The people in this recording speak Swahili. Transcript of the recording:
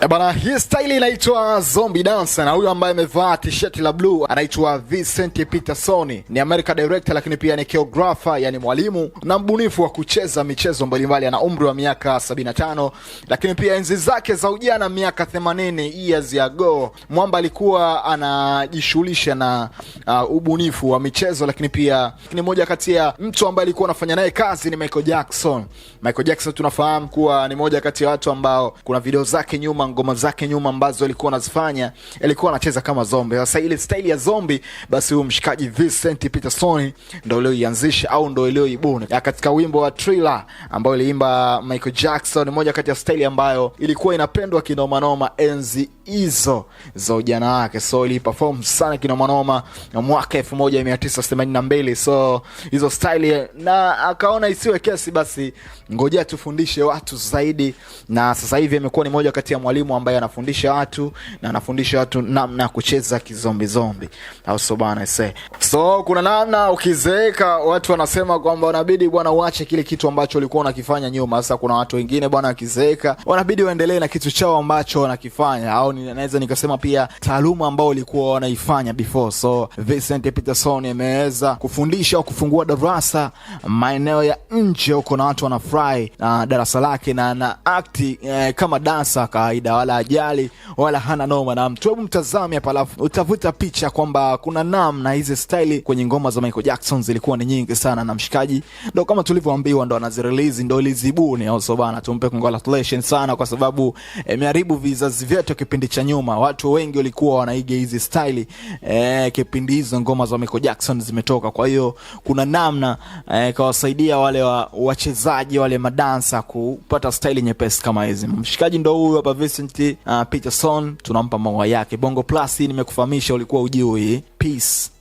E eh, bana, hii style inaitwa Zombie Dancer na huyu ambaye amevaa t-shirt la blue anaitwa Vincent Peterson, ni America director, lakini pia ni choreographer, yani mwalimu na mbunifu wa kucheza michezo mbalimbali. Ana umri wa miaka 75, lakini pia enzi zake za ujana, miaka 80 years ago, mwamba alikuwa anajishughulisha na uh, ubunifu wa michezo, lakini pia ni moja kati ya mtu ambaye alikuwa anafanya naye kazi ni Michael Jackson. Michael Jackson tunafahamu kuwa ni moja kati ya watu ambao kuna video zake nyuma ngoma zake nyuma ambazo alikuwa anazifanya, alikuwa anacheza kama zombi. Sasa ile style ya zombi, basi huyu mshikaji Vincent Peterson ndo alioianzisha au ndo alioibuni katika wimbo wa Thriller ambao iliimba Michael Jackson, moja kati ya style ambayo ilikuwa inapendwa kinoma noma enzi hizo za ujana wake. So ili perform sana kinoma kinomanoma mwaka 1982 so hizo style na akaona isiwe kesi, basi ngojea tufundishe watu zaidi, na sasa hivi amekuwa ni moja kati ya mwalimu mwalimu ambaye anafundisha watu na anafundisha watu namna ya kucheza kizombizombi, au sio bwana? So kuna namna ukizeeka, watu wanasema kwamba unabidi bwana uache kile kitu ambacho ulikuwa unakifanya nyuma. Sasa kuna watu wengine bwana wakizeeka, wanabidi waendelee na kitu chao ambacho wanakifanya, au naweza nikasema pia taaluma ambao ulikuwa wanaifanya before. So Vincent Peterson ameweza kufundisha au kufungua darasa maeneo ya nje huko, na watu wanafurahi na darasa lake na na akti eh, kama dansa kawaida kawaida wala ajali wala hana noma na mtu. Hebu mtazame hapa, alafu utavuta picha kwamba kuna namna hizi style kwenye ngoma za Michael Jackson zilikuwa ni nyingi sana, na mshikaji ndo kama tulivyoambiwa ndo anazirelease ndo lizibuni au so bana, tumpe congratulations sana kwa sababu eh, imeharibu eh, vizazi vyetu. Kipindi cha nyuma watu wengi walikuwa wanaiga hizi style eh, kipindi hizo ngoma za Michael Jackson zimetoka. Kwa hiyo kuna namna eh, kawasaidia wale wa, wachezaji wale madansa kupata style nyepesi kama hizi. Mshikaji ndo huyu hapa Visi Vincent uh, Peterson tunampa maua yake. Bongo Plus hii nimekufahamisha, ulikuwa ujui. Peace.